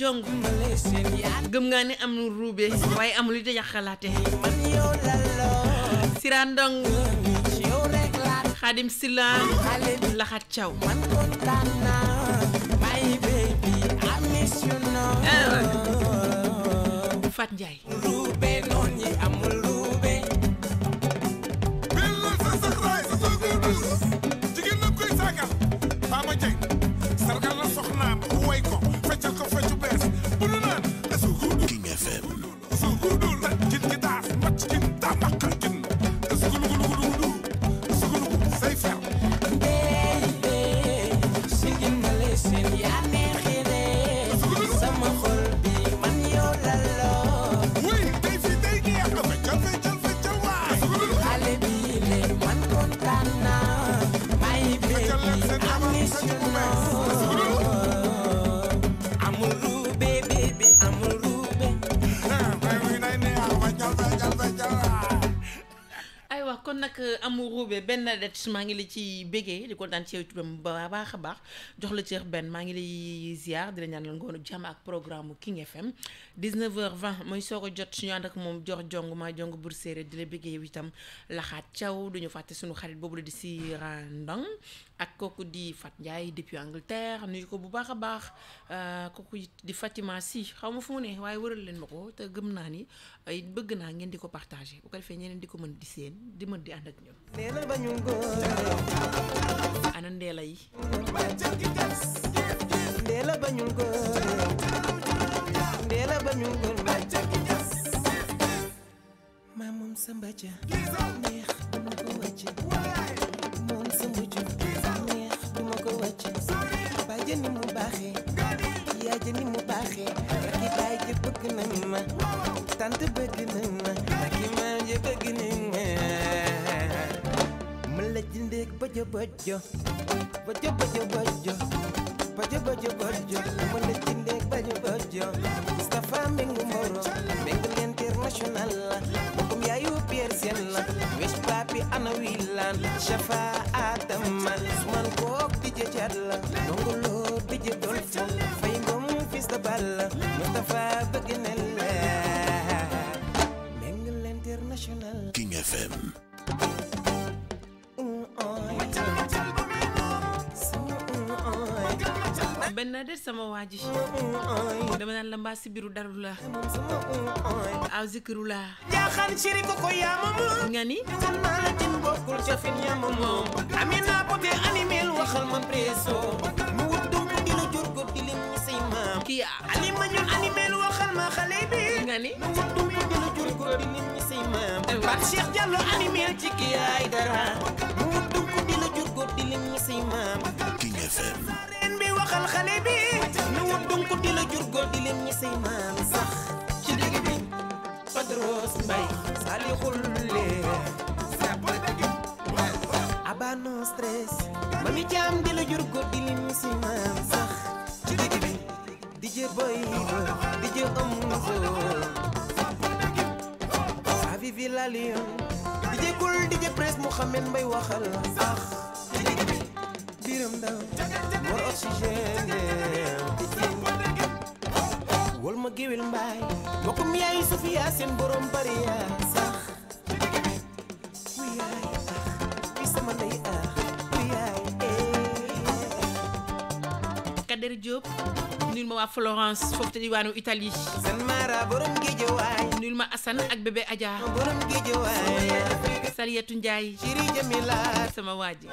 jong gëm nga ni am ruube waaye amul lu ja xalaate siraan dong xaadim silla laxat caw eh, fat njaay Nadège maa ngi la ci béggee di kontaan ci yow turam ba baax a baax jox la ceex benn maa ngi lay ziar di la ñaanal ngoonu jàmm ak programme King FM 19h20 mooy soog a jot suñu ànd ak moom jox jong maa jong bur séeréer di la béggee yow itam laxaat caw duñu fàtte suñu xarit boobu la di si randong ak kooku di Fat Ndiaye depuis Angleterre nuyu ko bu baax a baax euh, kooku di Fatima si xaw ma fu mu ne waaye wëral leen ma ko te gëm naa ni ay euh, bëgg naa ngeen di ko partage bu ko defee ñeneen di ko mën di seen di mën di ànd ak ñun. ndeela yi. ndeela bañul góor ndeela bañul góor maa moom sa mbaja ja ni mu baaxee yaa ja ni mu baaxee rakki baay ja bëgg nañ ma tante bëgg nañ ma rakki maam ja bëgg nañ ma ma la jëndee bojo bojo bojo bojo bojo bojo bojo bojo ma la jëndee bojo bojo Mustafa Mengu Mboro Mengu International bokum yaayu Pierre Sène la wesh papi ana wilan Shafa Adama Usman Kook DJ Jalla Nongolo jëbdoon fu fay ngom fils de balle Moustapha bëgg na la Mengal International King FM benn de sama waa ji dama naan la mbaa si biiru daru la aw zikiru la jaaxaan siri ko ko yaamamu nga ni kan naa la tin bokkul ca fin yaamamu amina pote animel waxal ma preso kiya ani ma ñun ani mel waxal ma xale bi nga ni mu wutu mi gëna jur ko di nit ñi say maam Pape Cheikh Diallo ani mel ci kiya ay dara mu wutu ko di la jur ko di nit ñi say maam King FM ren bi waxal xale bi mu wutu ko di la jur ko di nit ñi say maam sax ci digg bi Padros Mbay Salihul le Abano stress mami jam di la jur ko di nit ñi say maam sax ci digg bi DJ Boydo DJ Omzo Safi Villa Lion DJ Cool DJ Prince Mouhamed Mbaye waxal sax biram ndaw Mor Oxygène wol ma géwél mbaay mbokkum yaayu Sofia seen borom bari sax bu yaay sax bi sama ndey Seydou Diop nuyul ma waa Florence foofu te diwaanu Italie nuyul ma Assane ak bébé Adja Saliyetu Njaay sama waa ji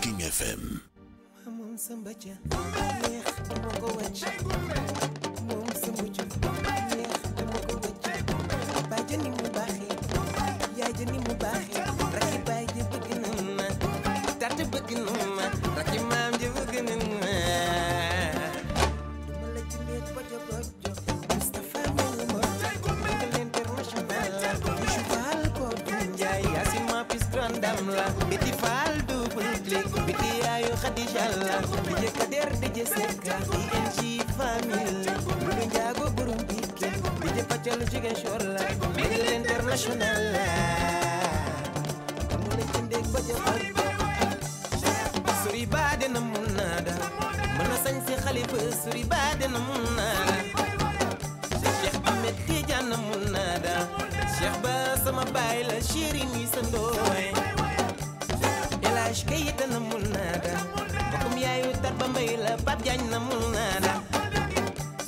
King FM la biti faal double click biti yaayu Xadija la di je kader di je sekka di enci famille bu du njaago burum piki di je paccalu jigéen shor la di international la amu la jëndeeg ba jëm ak suri baa dina mun naa da mën a sañ si xalifa suri baa dina mun naa da Cheikh Ahmed Tidiane baay la chéri ni sa ndooy shkeyita namul nada bokum yayu tarba mbay la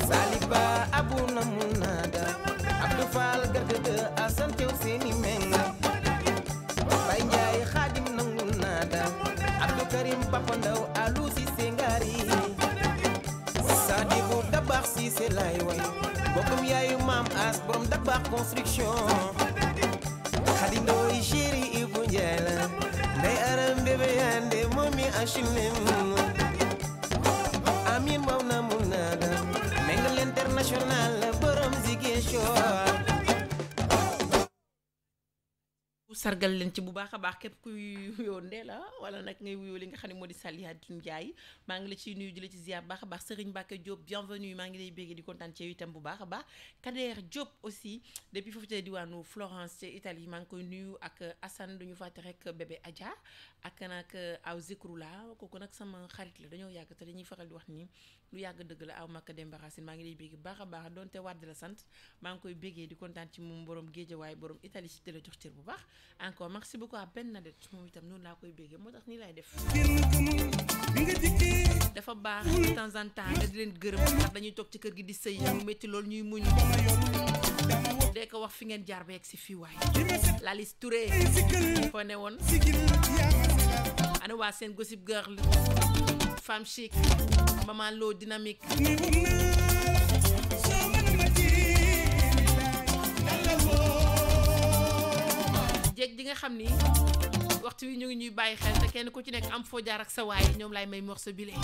saliba abu namul nada abdou fall asan tew seni meng bay jay khadim namul karim papa alu si sengari dabax si se way bokum yayu mam as borom dabax construction sargal leen ci bu baax a baax képp kuy wuyoo ndee la wala nag ngay wuyoo li nga xam ne moo di Salihatou jaay maa ngi la ciy nuyu di la ci ziar baax a baax Serigne Mbacke Diop bienvenue maa ngi lay bégge di kontaan ci yow itam bu baax a baax Kader Diop aussi depuis foofu ca diwaanu Florence ci Italie maa ngi koy nuyu ak assan duñu fàtte rek bébé Adja ak nag aw Zikrula kooku nag sama xarit la dañoo yàgg te dañuy faral di wax nii lu yàgg dëgg la aw makka Demba Racine maa ngi lay bégg baax a baax donte wàdd la sant maa ngi koy béggee di kontaan ci moom borom géejawaay borom Italie si télé jox cër bu baax encore merci beaucoup à Bernadette moom itam noonu laa koy bégee moo tax nii laay def dafa baax de temps en temps nga di leen gërëm ndax dañuy toog ci kër gi di sëy mu ñuy muñ dee ko wax fi ngeen jaar ba si fii waay Lalis Touré foo ne woon ana waa seen gossip girl femme chic maman Lo dynamique. jéeg ji nga xam ni waxtu wi ñu ngi ñuy bàyyi xel te kenn ku ci nekk am foo jaar ak sa waay ñoom laay may morceau bi lee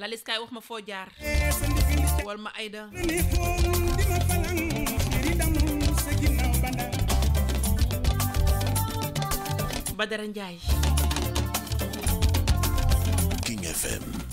la liskaay wax ma foo jaar wal ma ayda Badara Njaay FM.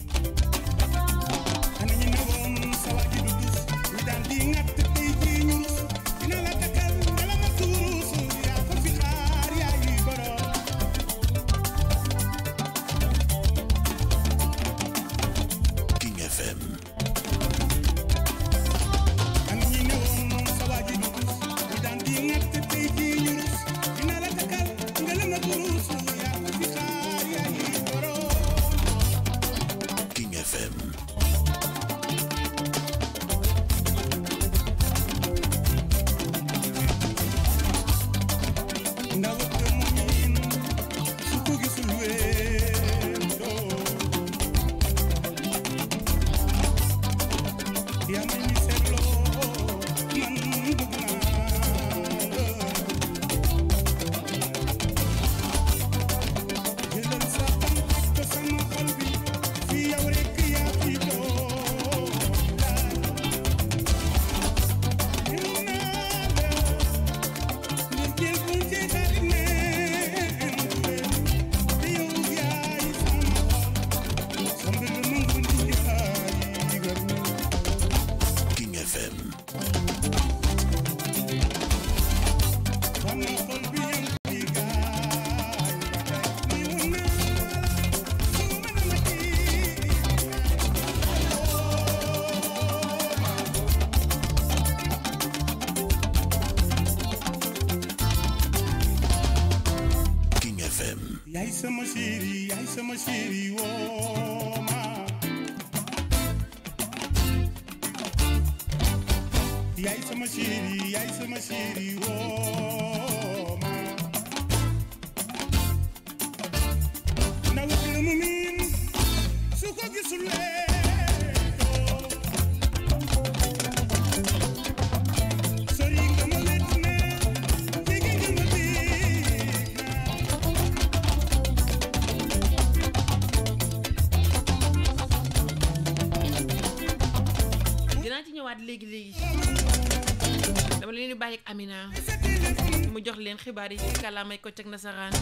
xibaar yi ci kàllaamay ko teg nasaraan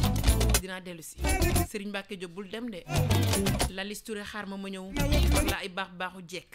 dinaa dellu si Serigne Mbacke bul dem de la liste Touré ma ma ñëw la ay baax baaxu jekk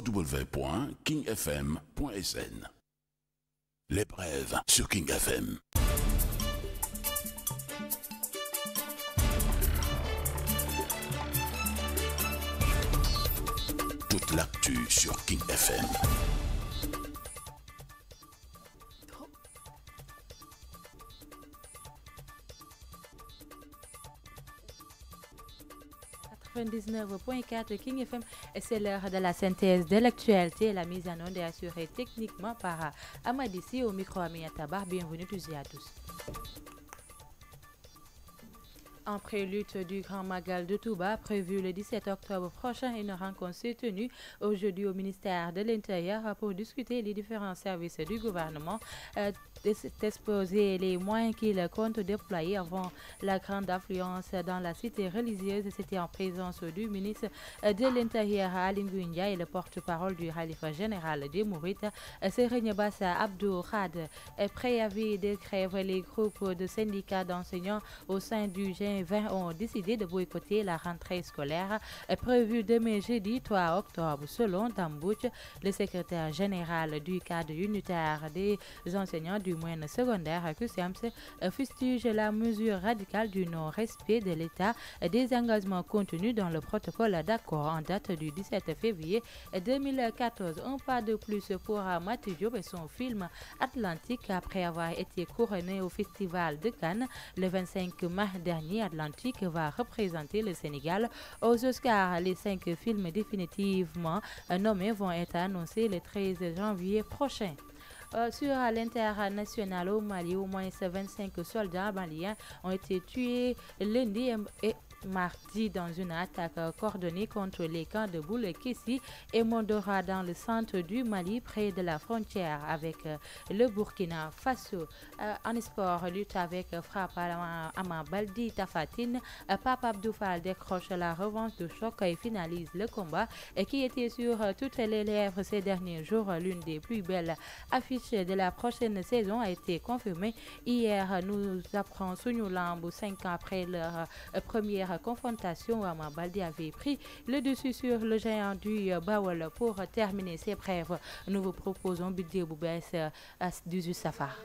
www.kingfm.sn. Les brèves sur King FM. Toute l'actu sur King FM. 19.4 King FM. Et c'est l'heure de la synthèse de l'actualité. La mise en onde est assurée techniquement par Amadissi au micro Aminata Bienvenue tous et à tous. En prélude du Grand Magal de Touba, prévu le 17 octobre prochain, une rencontre s'est tenue aujourd'hui au ministère de l'Intérieur pour discuter les différents services du gouvernement, euh, les moyens qu'il compte déployer avant la grande affluence dans la cité religieuse. C'était en présence du ministre de l'Intérieur, Alim et le porte-parole du Khalifa général des Mourites, Serene Bassa Abdou Khad. Préavis de les groupes de syndicats d'enseignants au sein du Général ont décidé de boycotter la rentrée scolaire prévue demain jeudi 3 octobre. Selon Tambouch, le secrétaire général du cadre unitaire des enseignants du moyen secondaire, QCMS, fustige la mesure radicale du non-respect de l'État des engagements contenus dans le protocole d'accord en date du 17 février 2014. Un pas de plus pour Mathieu et son film Atlantique après avoir été couronné au Festival de Cannes le 25 mars dernier Atlantique va représenter le Sénégal aux Oscars. Les cinq films définitivement euh, nommés vont être annoncés le 13 janvier prochain. Euh, sur l'international au Mali, au moins 25 soldats maliens ont été tués lundi et mardi dans une attaque coordonnée contre les camps de Kessi et Mondora dans le centre du Mali près de la frontière avec euh, le Burkina Faso. Euh, en sport, lutte avec frappe à Baldi Tafatine, euh, Papa Abdoufal décroche la revanche de choc et finalise le combat et qui était sur toutes les lèvres ces derniers jours. L'une des plus belles affiches de la prochaine saison a été confirmée hier. Nous apprend Lambou cinq ans après leur première confrontation où mabaldi avait pris le dessus sur le géant du Bawal pour terminer ses brèves. Nous vous proposons Budé Boubès à 18 Safar.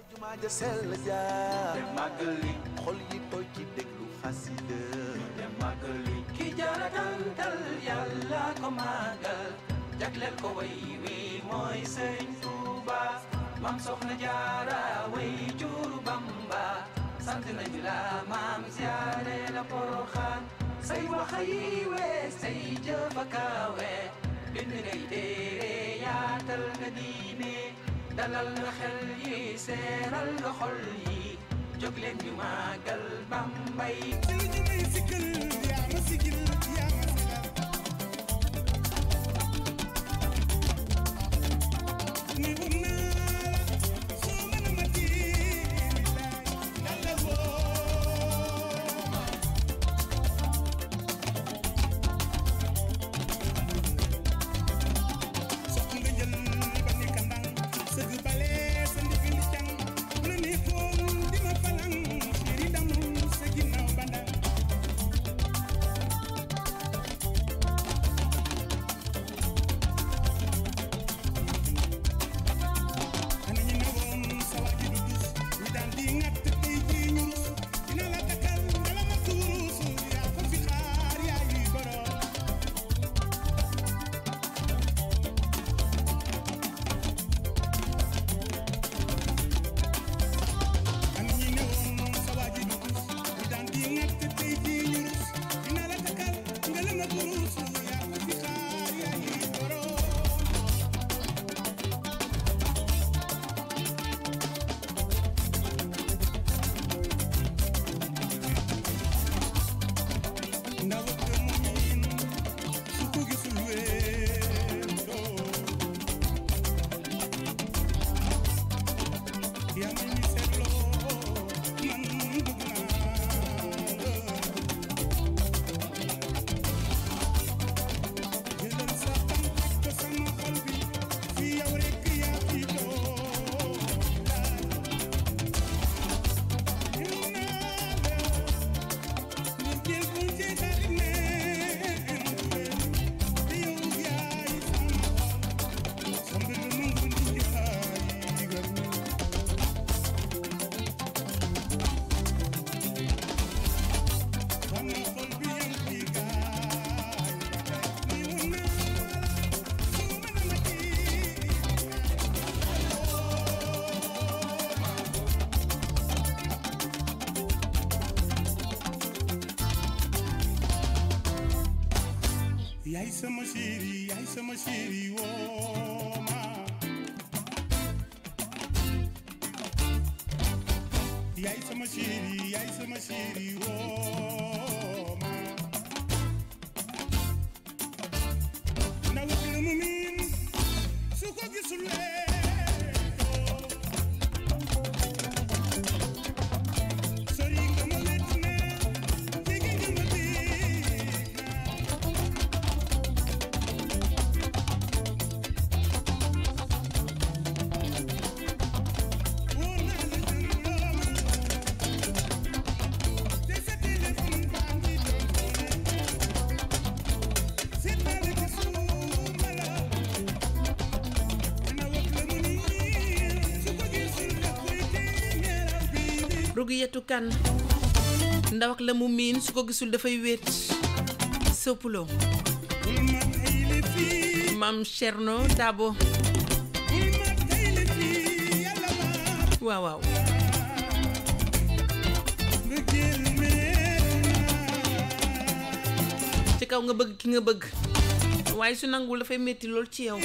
sant nañ la maam siyaare la poroxaan say waxa yi wees say jëf a kaawe bind ngay téere yaatal nga diine yi seeral nga xol yi jóg leen ñu màggal Bambay bëgg yetu kan su ko gisul dafay wéet soppuloo maam ci kaw nga bëgg ki nga bëgg waaye su nanguwul dafay metti lool ci yow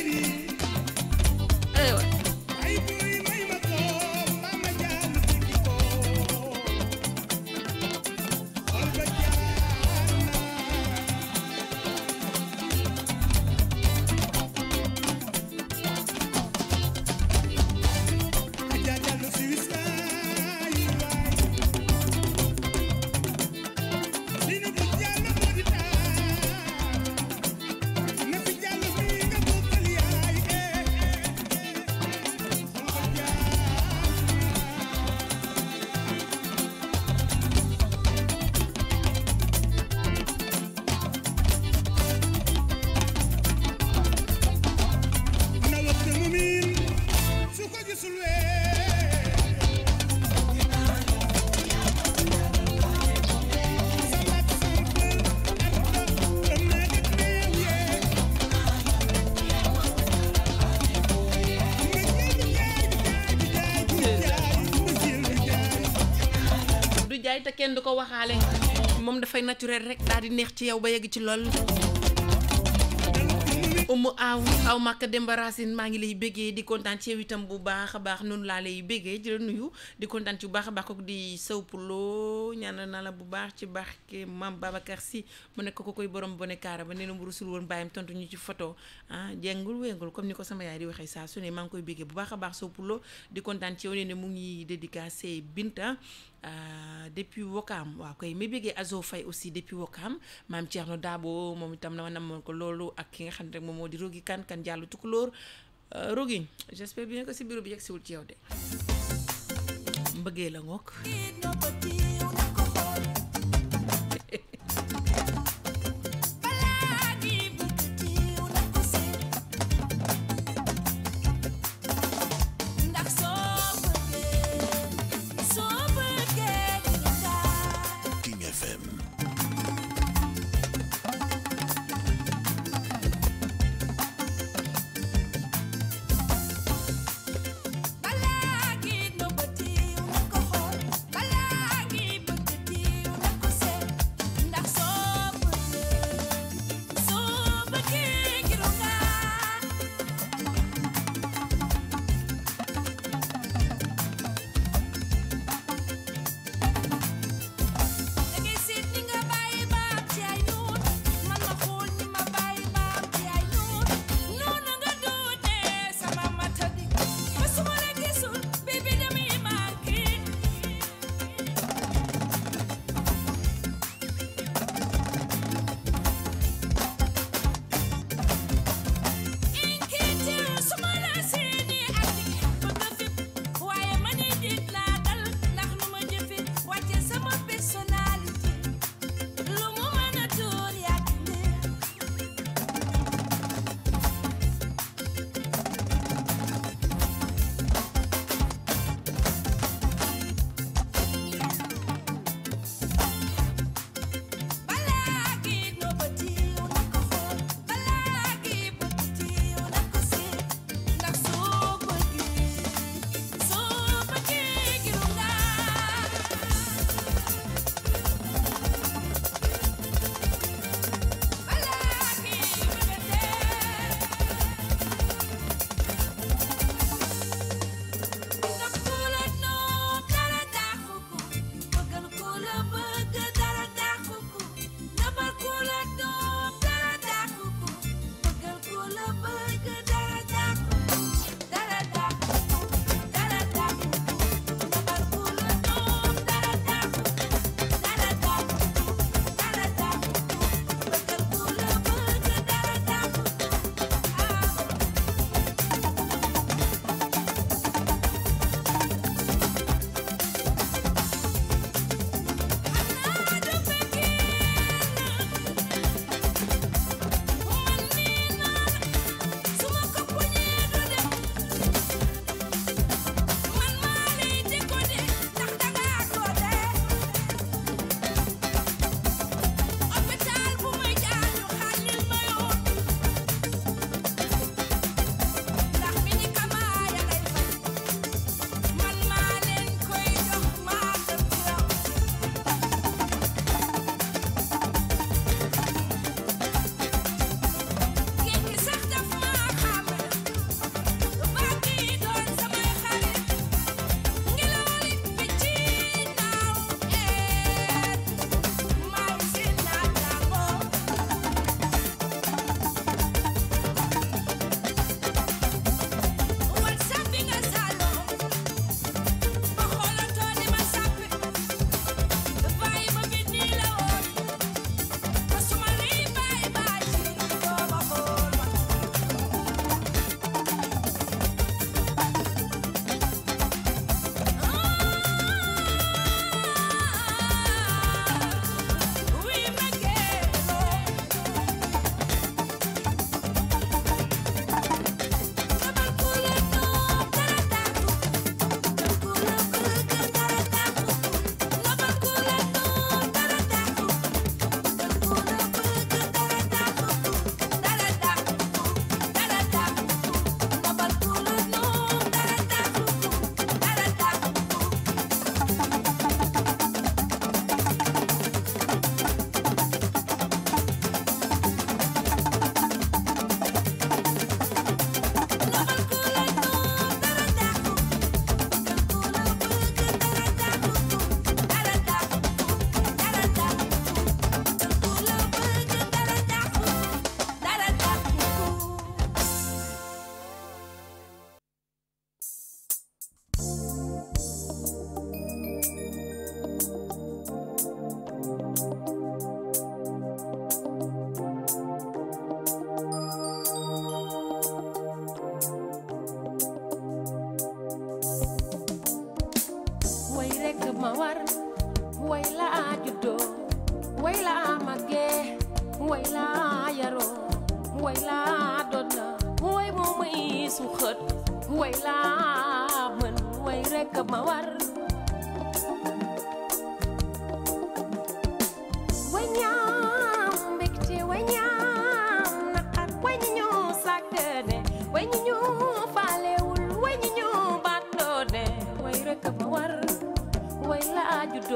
kenn du ko moom dafay naturel rek daal di neex ci yow ba yegg ci lool umu aw aw màkk démbaraasin maa ngi lay béggee di kontaan ci yow itam bu baax a baax noonu laa lay béggee di nuyu di kontaan ci bu baax a baax kooku di sawpuloo ñaan na la bu baax ci barke maam Babacar si mu nekk ko koy borom bone kaara ba nee na mu rusul woon bàyyam tontu ñu ci photo ah jengul wéngul comme ni ko sama yaay di waxee saa su ne maa ngi koy béggee bu baax a baax sawpuloo di kontaan ci yow nee na mu Binta Euh, depuis Wokam waaw kay may bëggee aso Faye aussi depuis Wokam maam Thierno Dabo moom itam na ma namoon ko loolu ak ki nga xam ne rek moom moo di Rogi Kan Kan Jàllu Tukulóor euh, Rogi j'espère bien que si bureau bi yegg siwul ci yow de mbëggee la ngoog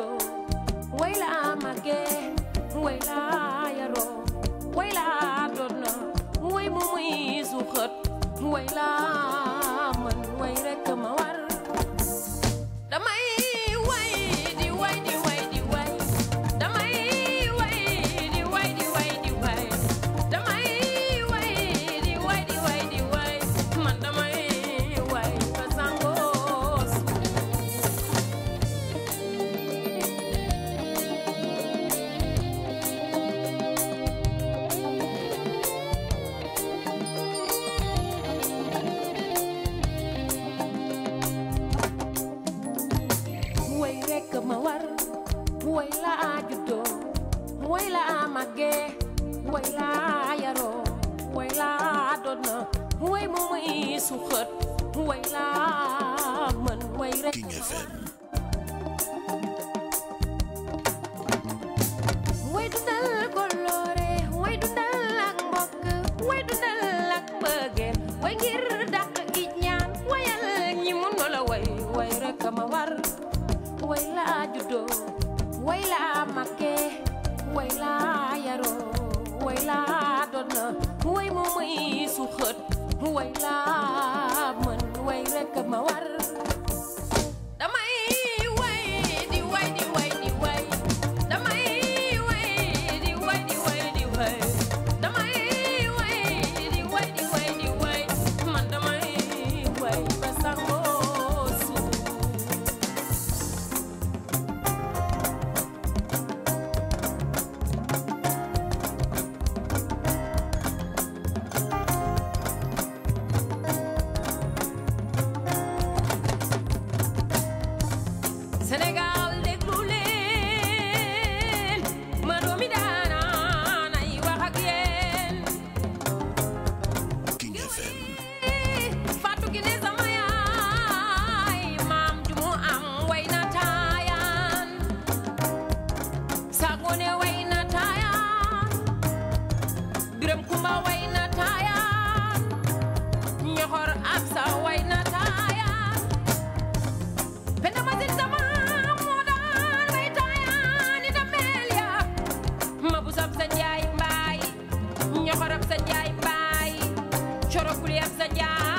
yo waila mage waila yaro waila dona, way mu muy su xët waila man way rek wayla makke wayla yaro wayla donna way mo may su xët wayla mën Rokuli abzadjál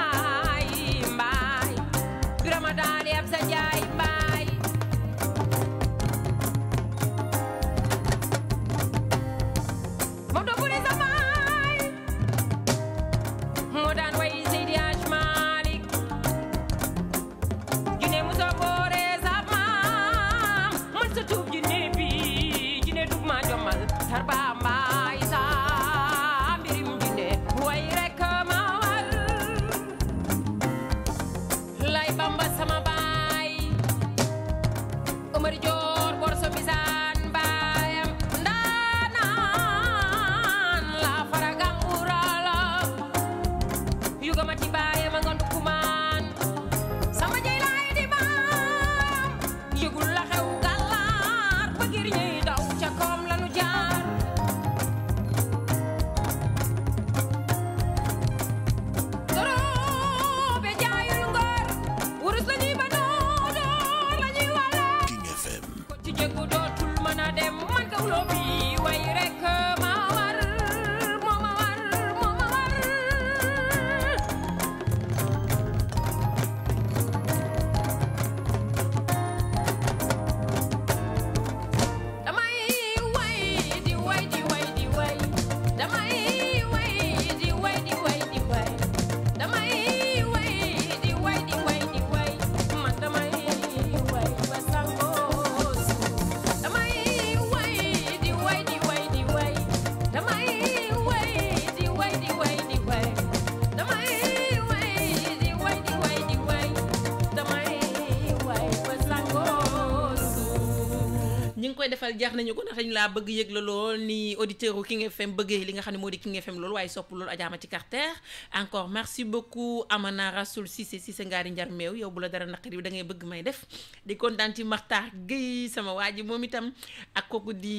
dal jaar nañu ko ndax dañ la bëgg yegg la lool ni auditeur King FM bëgge li nga xamni modi King FM lool waaye sopp lool adiama ci carter encore merci beaucoup Amana Rasoul Cissé Cissé ngari Njar mew yow bu la dara naqari da ngay bëgg may def di kontaan ci Maxtaar Guèye sama waji momi tam itam ak kooku di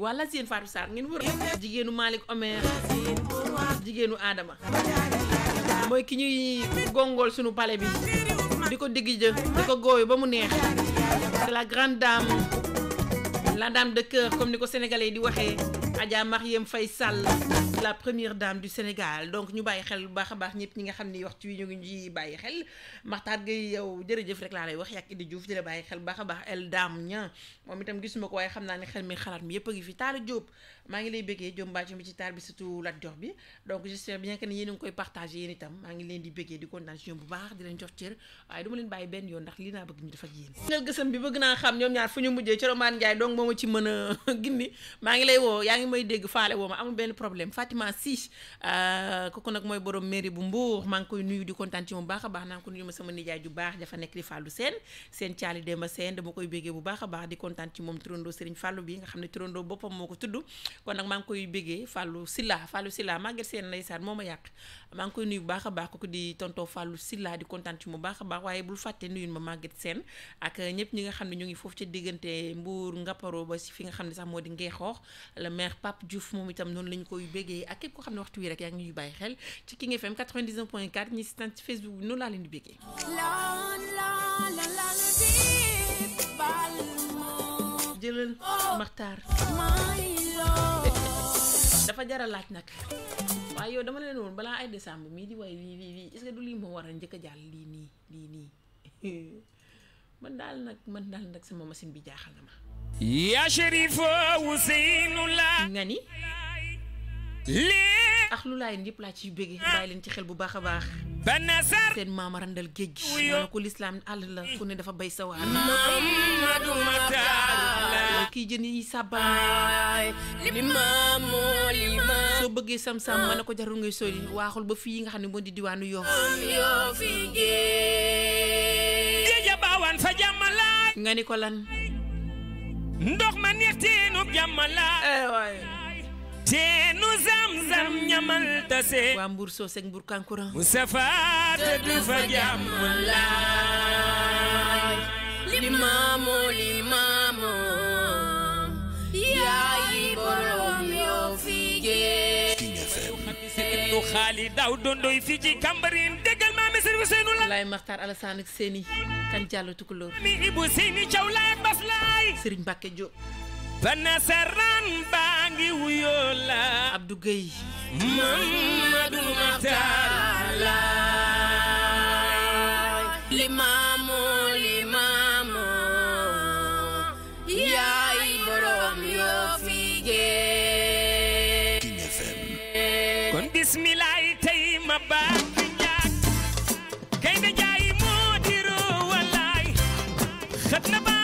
wala seen Fatou sar ngeen wër jigéenu malik Omer jigéenu Adama moy ki ñuy gongol sunu palais bi di diggi je diko di ba mu neex c'est la grande dame la dame dëkk comme ni ko sénégalais di waxee Adja Marième fay Sall la première dame du Sénégal donc ñu bàyyi xel bu baax a baax ñëpp ñi nga xam ni waxtu wi ñu ngi ñuy bàyyi xel Maxtaar Gueye yow jërëjëf rek laa lay wax yàgg Idi di di la bàyyi xel bu baax a baax el dame ña moom itam gisuma ko waaye xam naa ne xel mi xalaat mi yëpp a ngi fi a jóob maa ngi lay béggee Diop Mbacke mi ci taar bi surtout Lat Dior bi donc j'espère bien que ni yéen a ngi koy partagé yéen itam maa ngi leen di bëggee di kontaan ci bu baax di leen jox cër waaye du ma leen benn yoon ndax lii naa bëgg ñu def ak yéen nga gësam bi bëgg naa xam ma ci mën a maa ngi lay woo yaa ngi may dégg faale woo ma amul benn problème Fatima Si euh, kooku nag mooy borom mairie bu Mbour maa koy nuyu di kontaan ci baax a baax naa ko nuyu ma sama nijaay ju baax dafa nekk di Fallou Sène seen caali Demba Sène dama koy bëggee bu baax a baax di kontaan ci moom turandoo Serigne Fallou bi nga xam ne turandoo boppam moo ko tudd kon nag maa ngi koy béggee Fallou Silla Fallou Silla seen Sène ndeysaan moo ma yàq maa ngi koy nuyu bu baax a baax kooku di tonton Fallou Silla di kontaan ci mu baax a baax waaye bul fàtte nuyul ma Maguette seen ak ñëpp ñi nga xam ne ñu ngi foofu ci diggante Mbour Ngaparoo ba si fi nga xam ne sax moo di Ngeexoox le maire Pape Diouf moom itam noonu la ñu koy béggee ak képp ko xam ne waxtu wi rek yaa ngi ñuy bàyyi xel ci King FM 99.4 ñi si tan ci Facebook noonu laa leen di béggee jëlal maktar dafa jara laaj nag waaye yow dama leen woon balaa ay décembre mii di way lii lii lii est-ce que du lii moo war a njëkk a jàll lii nii lii nii man daal nag man daal nag sama machine bi jaaxal na ma ya Chérif Ousseynou la nga ni lii ax lu laay yëpp laa ciy bëggee bàyyi leen ci xel bu baax a baax banasar seen maama randal géej gi ko l'islam àll la ku ne dafa bay sawaar mbokk yi jën yi sàbbaay limaamu limaamu soo bëggee sam-sam na ko ja ngay sori waaxul ba fii nga xam ne moo di diwaanu Yoff baawan fa jàmmalaay nga ni ko lan ndox ma neex teenu jàmmalaay eh, teenu zam ñamal tase waa Mbour Socé Mbour Kankuran mu safaate du fa jàmmalaay nu xaali daaw dondoy fii ci Cambérène déggal maami sëriñ Ousseynou la laay Maxtaar Alassane ak seeni kan jàll tukulóor mi ibu seeni caw laay ak bas laay sëriñ Mbàkke Jóob ba nasaraan baa ngi wuyoo la Abdou Gueye Mamadou Maxtaar laay bismilaay tey ma baag bi ñaag kay da jaay moo di roo wallaay xët na ba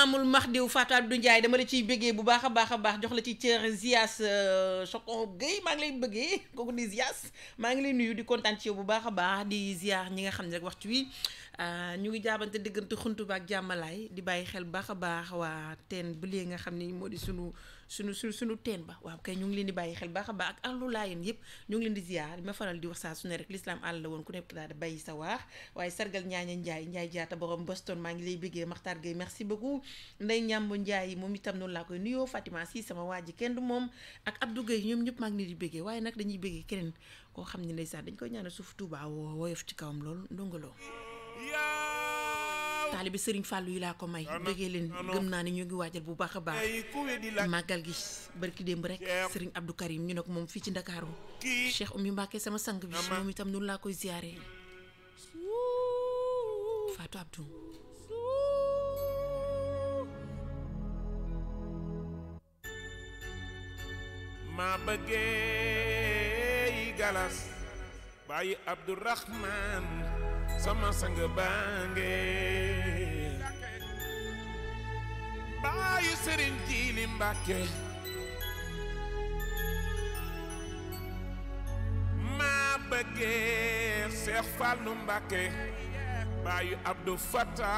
imamul mahdi fatou abdou ndjay dama la ci beggé bu baakha baakha baax jox la ci cheikh zias euh, chocon gay ma ngi lay beggé koku di zias ma ngi lay nuyu di kontaan ci bu baakha baax di ziar ñi nga xam ne rek waxtu wi Euh, ñu ngi jaabante diggante xuntuba ak jàmmalaay di bàyyi xel baax a baax waa teen bu nga xam ni moo di sunu sunu sunu sunu teen ba waaw kay ñu ngi leen di bàyyi xel baax a baax ak àllu laayeen yëpp ñu ngi leen di ziar li ma faral di wax saa su ne rek lislaam àll la woon ku nekk daal di bàyyi sa waax waaye sargal ñaaña njaay njaay jaata borom Boston maa ngi lay bëggee Maxtaar Gueye merci beaucoup nday ñàmb njaay moom itam noonu laa koy nuyoo Fatima si sama waa ji kenn du moom ak Abdou Gueye ñoom ñëpp maa ngi leen bëggee waaye nag dañuy bëggee keneen koo xam ne ndeysaan dañ koy ñaanal suuf Tuubaa woo woyof ci kawam loolu ndongaloo Ya. taalibi sëriñ fàllu yi laa ko may bëggee len gëm na ni ñu ngi waajal bu baaxa baax magal gi barki démb rek serigne abdou karim ñu nak mom fi ci ndakaaru cheikh umi mbàkke sama sang bi mom itam nu la koy ziaré fatou abdou ma bëggee galas bàyyi abdourahman sama sang baange baayu sëriñ Jiili Mbàkke maa bëggee Seex Fallu Mbàkke baayu Abdu Fata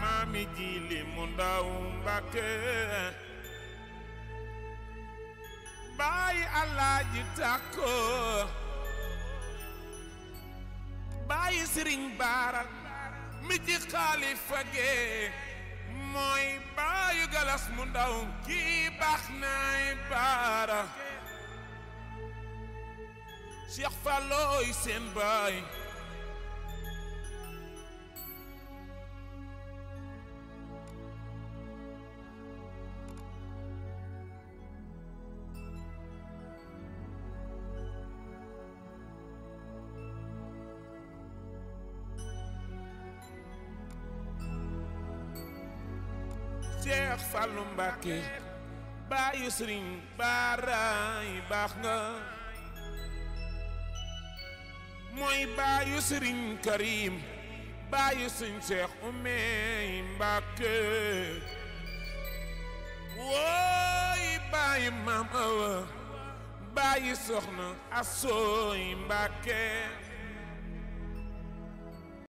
maami Jiili mu ndaw Mbàkke baayu Alaaji Tàkko waaye sëriñ baara mi ci xaalifa gee mooy baayu galas mu ndaw kii baax naay baara Cheikh Fallooy seen baay Fàllu Mbàkke baayu sëriñ baaraay baax nga mooy baayu sëriñ Karim baayu sëriñ Seex maam Awa baayu soxna Asooy Mbàkke